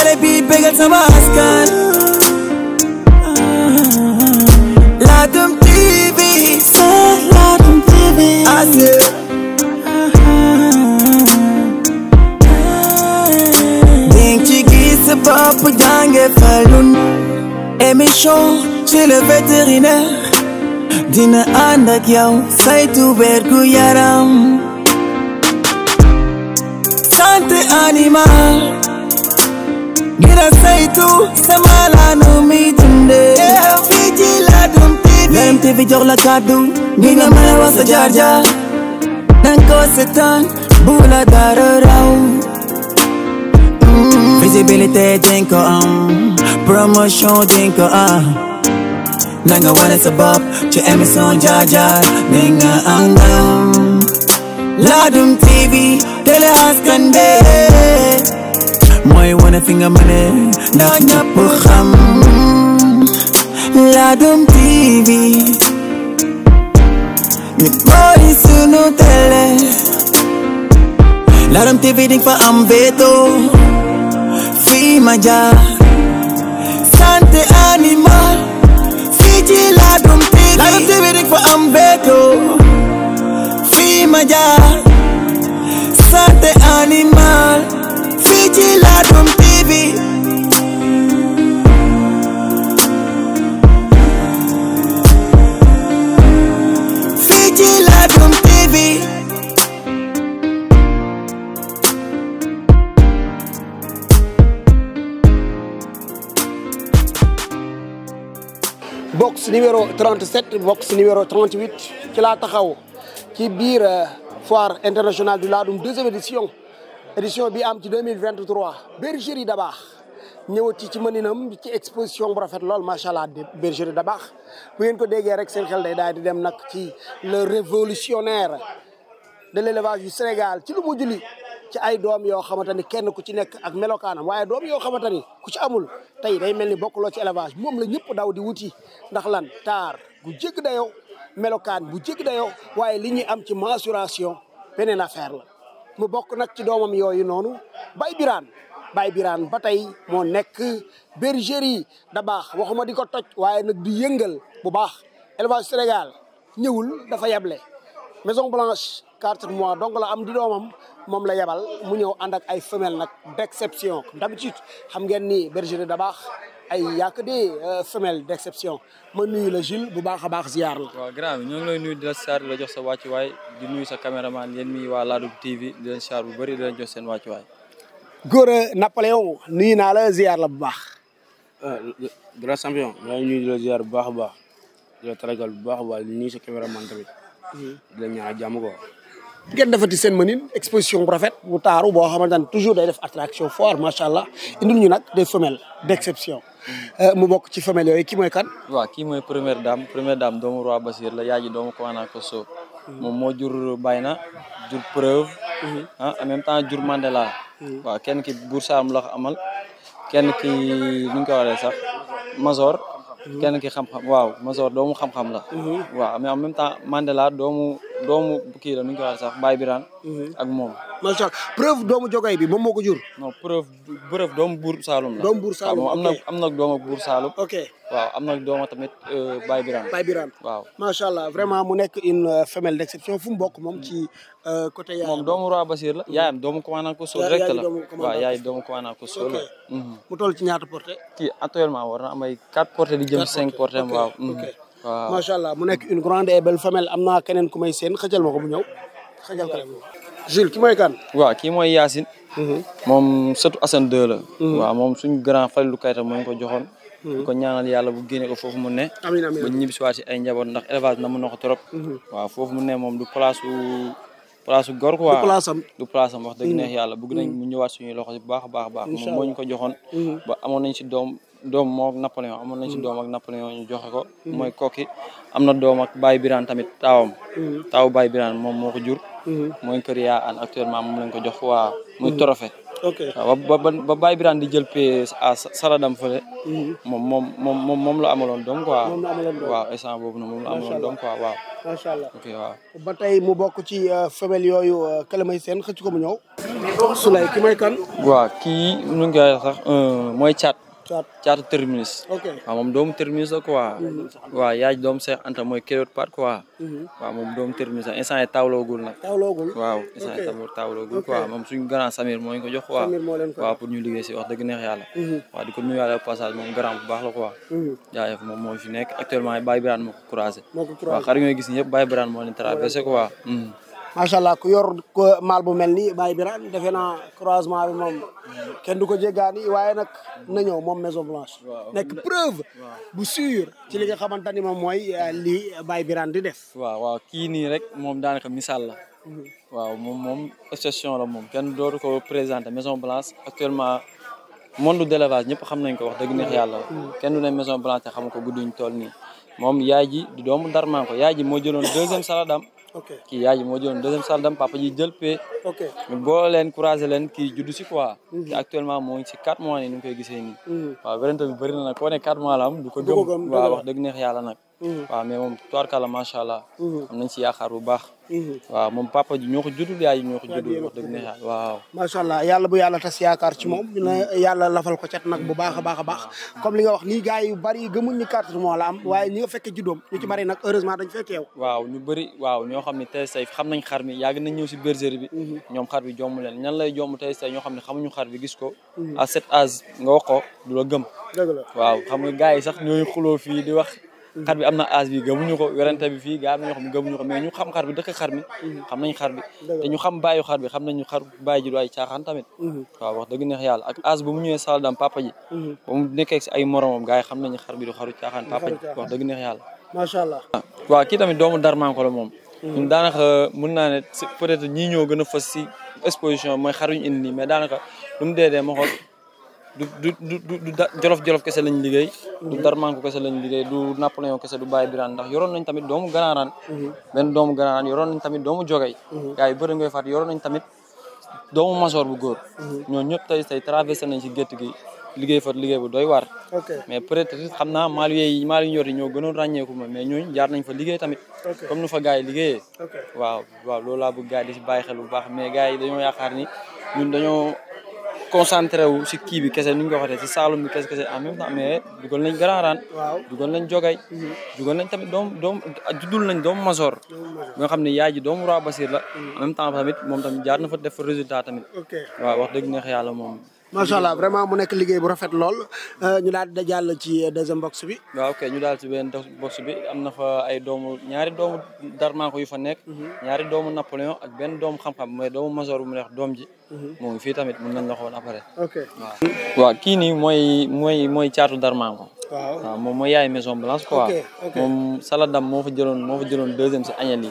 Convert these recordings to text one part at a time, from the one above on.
télé bi bégal sama askan Ladoum TV c'est Ladoum TV ning ci gis sa bopp jànge falun émission chez le vétérinaire dina ànd ak yow saytu wergu yaram santé animal ngir sama laanu mi dundee. fii ci Ladoum TV. Ladoum TV jox la kàddu. mi nga mën a wax sa jaar jaar. danga ko dara raw. Mm. visibilité dinga am promotion dinga am. nanga wane sa ci émission jaar jaar nga am ndam. Ladoum TV télé askan bi. mooy wane fi nga mëne ndax ñëpp xam Ladoum TV ñu mooy sunu télé Ladoum TV di fa am béto fii ma jaar santé animal fii ci Ladoum TV box numéro 37 box numéro 38 ci laa taxaw ci biir euh, foire internationale du Ladoum deuxième édition édition bi am ci 2023 bergerie Dabakh ñëwati ci mëninam ci exposition bu rafet lool macha allah di bergerie Dabakh bu ngeen ko déggee rek seen xel day daal di dem nag ci le révolutionnaire de l'élevage du Sénégal ci lu mujj ci ay doom yoo xamante ni kenn ku ci nekk ak melokaanam waaye doom yoo xamante ni ku ci amul tey day mel ni bokkuloo ci élevage moom la ñëpp daw di wuti ndax lan taar bu jégg dayoo melokaan bu jégg dayoo waaye li ñuy am ci mensuration beneen affaire la mu bokk nag ci doomam yooyu noonu bay biraan bay biraan ba tey moo nekk bergerie da baax waxuma di ko toj waaye nag di yëngal bu baax élevage Sénégal ñëwul dafa yeble Maison Blanche quatre mois donc la am di doomam moom la yebal mu ñëw ànd ak ay femelles nag d'exception d'habitude xam ngeen ni bergerie da baax ay yàq di euh, femelles d'exception ma nuyu la Jules bu baax a baax ziar la. waaw grand bi ñoo ngi lay nuyu di la ziar di la jox sa wàccuwaay di nuyu sa caméraman yéen mi waa Ladoum TV di leen bu bëri di leen jox seen wàccuwaay. Gora Napoléon nuyu naa la ziar bu baax. Euh, grand champion maa ngi la ziar bu baax a baax di la taragal bu baax a baax di nuyu di leen ñaanal jàmm quoi. ngeen defati seen mënin exposition bu rafet bu taaru boo xamante ne toujours day def attraction fort macha allah indil ñu nag de femelles d' exception. Euh, mu bokk ci femelles yooyu ki mooy kan. waaw kii mooy première dame première dame doomu roi Basir la yaa ji doomu commandant Kosso. Hmm. moom moo jur Bayna jur preuve. Hmm. ah en même temps jur Mandela. Hmm. waaw kenn ki buur Saalum la ko amal kenn ki nu ñu ko waxee sax Mazor. kenn ki xam-xam waaw Masor doomu xam-xam la. Mhm. waaw mais en même temps Mandela doomu doomu kii la nu ñu koy waxee sax Baye Birane. Mhm. ak moom. macha allah preuve doomu Jogay bi moom moo ko jur. non preuve preuve doomu Buur Saalum la. doomu Buur Saalum am na am na doomu Buur Saalum. ok waaw am na doomu tamit euh, Baye Birane. Baye Birane waaw. macha allah mu nekk une euh, femelle d'exception fu mu bokk moom ci euh, côté. yaayam moom doomu la. Mhm. yaayam doomu commandant Kosso direct la yaay doomu commandant Kosso la. Mhm. mu toll ci ñaata porté kii actuellement war na am ay quatre portées di jëm cinq portées waaw. macha allah mu nekk une grande et belle femelle am naa keneen ku may seen xëjal ma ko mu ñëw xëjal ko Jules ki mooy kan. waaw kii mooy Yacine. Mhm. moom sëtu Assane 2 la. Mhm. waaw moom suñu grand Falilou Kayta moo ñu ko joxoon. Mhm. ko yàlla bu génne ko foofu mu ne. amiin amiin ba ñibbisiwaat si ay njaboot ndax élevage na mën na ko trop. waaw foofu mu ne moom du place su place su gor quoi. du place am du place wax dëgg yàlla bëgg nañ mu ñëwaat suñuy loxo bu baax a baax. incha allah moom moo ko joxoon. ba amoon nañ si doom moo ak Napoléon amoon nañ si mm. doom ak Napoléon ñu joxe ko mm. mooy kokki am na doom ak Baye Birane tamit taawam mm. taaw Baye Birane moom moo ko jur mooy kër yaa an actuellement moom lañ ko jox waa muy trophée ok waaw ba ba Baye Birane di jël pay à saladam fële moom moom moom moom la amaloon doom quoi waaw instant boobu noonu moom la amaloon doom quoi waaw macha allah ok ba tey mu bokk ci euh, femelle yooyu euh, kalamay seen xëcc ko mu ñëw Souley ki may kan waaw kii nu ngi koy sax euh, mooy caat caatu terminus waaw moom doomu terminus la quoi waaw yaay doomu Cheikh Anta mooy kéroot part quoi mhm. waaw moom doomu terminus la instant yi tawloogul nag waaw instant yi tam tawloogul quoi moom suñu grand Samir moo ko jox quoi waaw pour ñu liggéey si wax dëgg neex yàlla mhm. waaw di ko nuyuwaale passage moom grand bu baax la quoi mhm. jaajëf moom moo fi nekk actuellement Baye Birane moo ko croisé waaw xar gis ñëpp Baye Birane moo leen traversé quoi macha allah ku yor maal bu mel ni Baye Birane defe naa croisement bi moom kenn du ko ni waaye nag na ñëw moom Maison Blanche. nekk preuve. bu sûr ci li nga xamante ni moom mooy euh, lii Baye biran di def. waaw waaw kii nii rek moom daanaka misaal la. Mhm. waaw moom moom exception la moom kenn dootu ko présenté Maison Blanche actuellement monde de l'élevage ñëpp xam nañ ko wax dëgg neex yàlla. Mhm. kenn du ne Maison Blanche xam ko bu duñ toll nii moom yaay di doomu Darmanko yaay ji moo ok kii yaay moo jëloon deuxième salle d'armes papa ji jël pee. ok ñu boole kii juddu si quoi. te mhm. actuellement moo ngi si 4 mois ni ñu koy gisee nii. Mhm. waaw wérante bi bëri na nag koo mois la am. du ko gëm wax dëgg neex yàlla nag. Mhm. waaw mais moom tubaarkàlla macha allah. am nañ si yaakaar bu baax. Mm-hmm. waaw moom papa ji ñoo ko yaay ji ñoo ko juddul waaw macha bu yàlla tas yaakaar ci moom ñu lafal ko cat nag bu baax a baax a comme li nga wax nii gars yu bari gëmuñ ni quatre mois la am waaye ñi fekke juddoom ñu bari nag heureusement dañ fee waaw ñu bëri waaw ne tey say xam nañ xar mi yàgg nañ ñëw si bergerie bi mm-hmm. ñoom xar bi jomm leen ñan lay jomm tey say ñoo xam ne xamuñu xar bi gis ko mm-hmm. à cet nga wax ko la gëm waaw xam nga gars yi sax ñooy xuloo fii di xar bi am na âge bi gëmuñu ko werante bi fii ga am na ko mais ñu xam xar bi dëkk xar mi xam nañ xar bi te ñu xam bàyyi xar bi xam nañu xar bàyyi ji du ay caaxaan tamit mhm. waaw wax dëgg neex yàlla ak âge bu mu ñëwee sal dam papa ji mhm. ba mu ay moromam gars yi xam nañu xar bi du xaru wax dëgg neex yàlla macha allah waaw kii tamit doomu darmanko la moom mhm. ñun daanaka euh, mën naa ne peut-être ñii ñoo gën a fës si exposition mooy xaruñu indi nii mais daanaka lu mu dee du du du du jolof jolof kese lañ liggéey. du mhm. darmanko kese lañ liggéey du Napoléon kese du Baye Birane ndax yoroon tamit doomu ganaaraan. Mhm. benn doomu ganaaraan yoroon tamit doomu mhm. masoor bu góor. ñoo ñëpp tey tey traversé nañ si gétt gi liggéey fa liggéey bu doy waar. mais peut être xam naa maaluye yi maaluye yor yi ñoo gënoon ràññeeku ma mais ñooñu jaar nañ fa liggéey tamit. comme nu fa gars yi liggéeyee. waaw waaw loolu laa bëgg gars yi di si xel bu baax mais gars yi dañoo yaakaar ni ñun dañoo concentré wu si kii bi kese nu ñu ko waxee si Saalum bi kese kese en même temps mais dugal nañ Grand Rane. waaw dugal nañ Jogay. Mhm. dugal nañ tamit doom doom juddul nañ doomu Masor. nga xam ne yaay ji doomu Roi Basir la. Mhm. en même temps tamit moom tamit jaar na fa def résultat tamit. waa wax dëgg neex yàlla moom. macha allah vraiment mu nekk liggéey bu rafet lool euh, ñu daal di ci deuxième box bi. waa ok ñu daal ci benn box bi am na fa ay doomu ñaari doomu Darmanko yu fa nekk. Mhm. ñaari doomu Napoléon ak benn doomu xam-xam mooy doomu Major bu mu neex doom ji. moom ngi fii tamit mën nañ la xool après. ok waaw waaw kii nii mooy mooy mooy caatu Darmanko. waaw moom mooy yaay Maison Blanche quoi. ok moom Saladam moo fa jëloon moo fa jëloon deuxième si añal yi.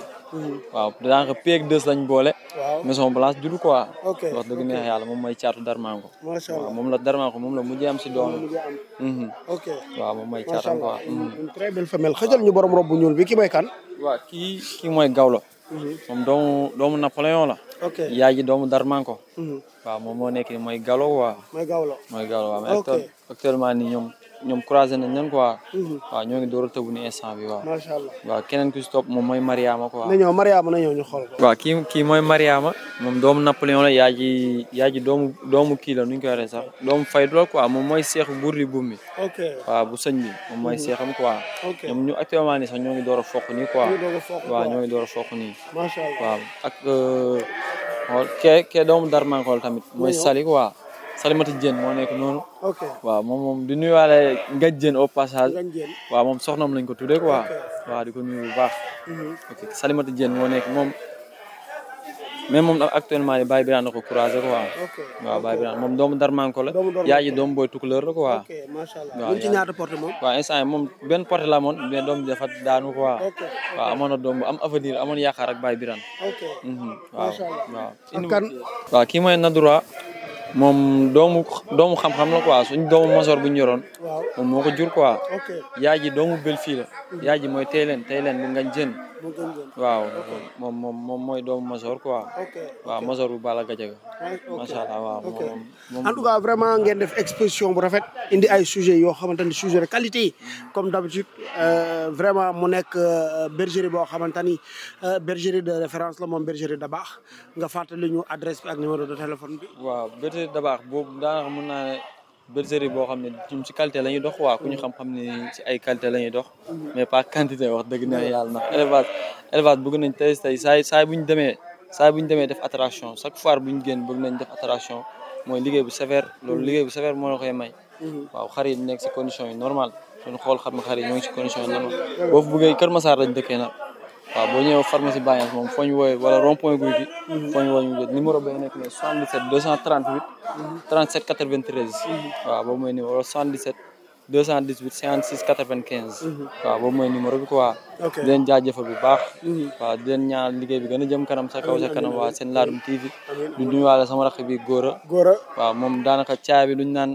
waaw daanaka peeg deux lañ boole. waaw maison blanche juddu quoi. ok wax dëgg neex yàlla moom mooy caatu Darmanko. macha allah waaw moom la Darmanko moom la mujjee am si doom mhm. ok waaw moom mooy caatam quoi. Mhm. une très belle femelle xëjal bu ñuul bi ki mooy kan. waaw kii kii mooy Gawlo. Mhm. moom doomu doomu Napoléon la. ok yaay ji doomu Darmanko. waaw moom moo nekk nii mooy Gawlo waaw. mooy Gawlo mooy Gawlo waaw mais actuellement nii ñoom. ñoom croisé nañ leen quoi. Mhm. waaw ñoo ngi door a tëbu ni instant bi waaw. macha allah waaw keneen ku si moom mooy Mariama quoi. na ñëw Mariama na ñëw ñu xool. waaw kii kii mooy Mariama moom doom Napoléon la yaa yaa ji doomu doomu kii la nu ñu koy waxee sax doomu faydu la quoi moom mooy seex buur li buum bi. ok bu sëñ bi moom mooy seexam mhm. quoi. ok ñoom ñu actuellement ni sax ñoo ngi door a fokk nii quoi. ñoo ngi door a fokk waaw ñoo ngi ak. Euh, xool kee kee doomu Darmankool tamit. mooy Sali quoi. Salimata Dieng moo nekk noonu. ok waaw moom moom di nuyuwaale Ngañ Dieng au passage. Ngañ Dieng waaw moom soxnaam lañ ko tuddee quoi. waaw di ko nuyu bu baax. Mhm. ok Salimata Dieng moo nekk moom. mais moom actuellement Baye Birane na ko croisé quoi. ok waaw Baye Birane moom doomu Darmanko la. doomu Darmanko yaa ngi doomu booy Tukulóor la quoi. ok macha allah ñu ci ñaata porte moom. waaw instant yii moom benn porte la moon mais doom bi daanu ko ok waaw amoon doom bu am avenir amoon yaakaar ak Baye Birane. Mhm. waaw waaw. kan waaw moom doomu doomu xam-xam la suñ doomu masoor bu ñu yoroon. moom moo ko jur quoi. yaay ji doomu bël fii la. Hmm. yaay ji mooy tey leen tey leen bu ngañ jën. waaw moom moom moom mooy doomu masoor quoi. waaw masoor bu Balla Gadiaga macha allah waaw moom en tout cas vraiment ngeen def exposition bu rafet indi ay sujets yoo xamante ni sujets de qualité yi comme d'habitude euh, vraiment mu nekk euh, bergerie boo xamante ni euh, bergerie de référence la moom bergerie Dabakh nga fàttali ñu adresse bi ak numéro de téléphone bi. waaw bergerie Dabakh boobu daanaka mën naa ne bergerie boo xam ne ñun ci qualité la ñuy dox waa ku ñu xam-xam ne ci ay qualité la ñuy dox. mais pas quantité wax dëgg na yàlla ndax élevage élevage bëgg nañ tey tey saay saay bu ñu demee. saa bu ñu demee def attraction chaque fois bu ñu génn bëgg nañ def attraction mooy liggéey bu sévère loolu liggéey bu sévère moo la may. Mhm. waaw xar yi condition yi normal xool xam nga xar yi ñoo ngi si condition yi normal boo fu buggee Kër Massar lañ dëkkee waaw boo ñëwee pharmacie Bagnès moom foo ñu woowee wala rond point guy gi mhm. foo ñu woowee ñu jot numéro bay nekk ne 77 238 37 93 waaw boobu mooy numéro 77 218 56 95. waaw boobu mooy numéro bi quoi. ok di bu baax. Mhm. waaw di leen liggéey bi gën a jëm kanam sa kaw sa kanam waa seen Laadum TV. du nuyuwaale sama rakk bi Gora. Gora waaw moom daanaka caay bi duñ naan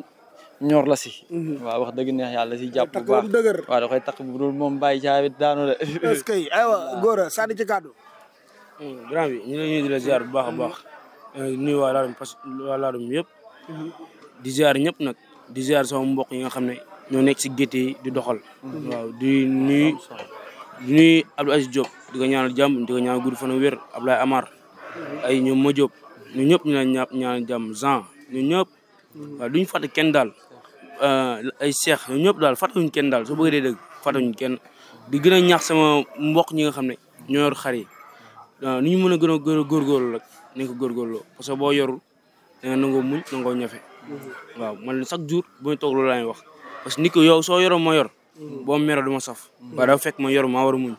ñor la si. Mhm. waa wax dëgg neex yàlla si jàpp bu baax waaw da koy takk bu dul moom bàyyi caay bi daanu la. est-ce que Gora sànni ci kàddu. Mm, grand bi ñu ngi lay di la ziar bu baax a mhm. baax. Euh, nuyu waa Laadum parce que waa yëpp. di ziar ñëpp nag di ziar sama mbokk yi nga xam ne. ñoo nekk si gétt di doxal. waaw di nuyu di nuyu Abdou Aziz Diop di ko ñaanal jàmm di ko ñaanal gudd fan ak ay ñoom ma Diop ñun ñëpp ñu naan ñaanal jàmm Jean ñun ñëpp. kenn daal euh, ay seex ñun ñëpp daal fàttewuñu kenn daal soo bëggee dee dëgg fàttewuñu kenn di gën a ñaax sama mbokk ñi nga xam ne ñoo yor xar ñu mën a gën a góorgóorlu rek nañ ko góorgóorloo parce que boo yorul da nga muñ nangoo ñafe waaw man chaque jour bu toog loolu laay wax parce que nit ko yow soo yoroo ma yor boo meroo du ma saf waaye dafa fekk ma yor maa war muñ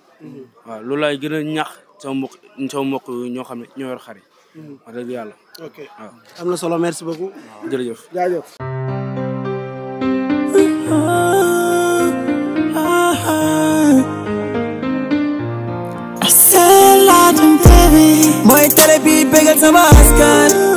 waaw loolu laay a ñaax sama mbokk ñoo xam ne ñoo yor xar yi wax dëgg yàlla ok waaw am na solo merci beaucoup jërëjëf jaajëf mooy télé bi bégal sama askan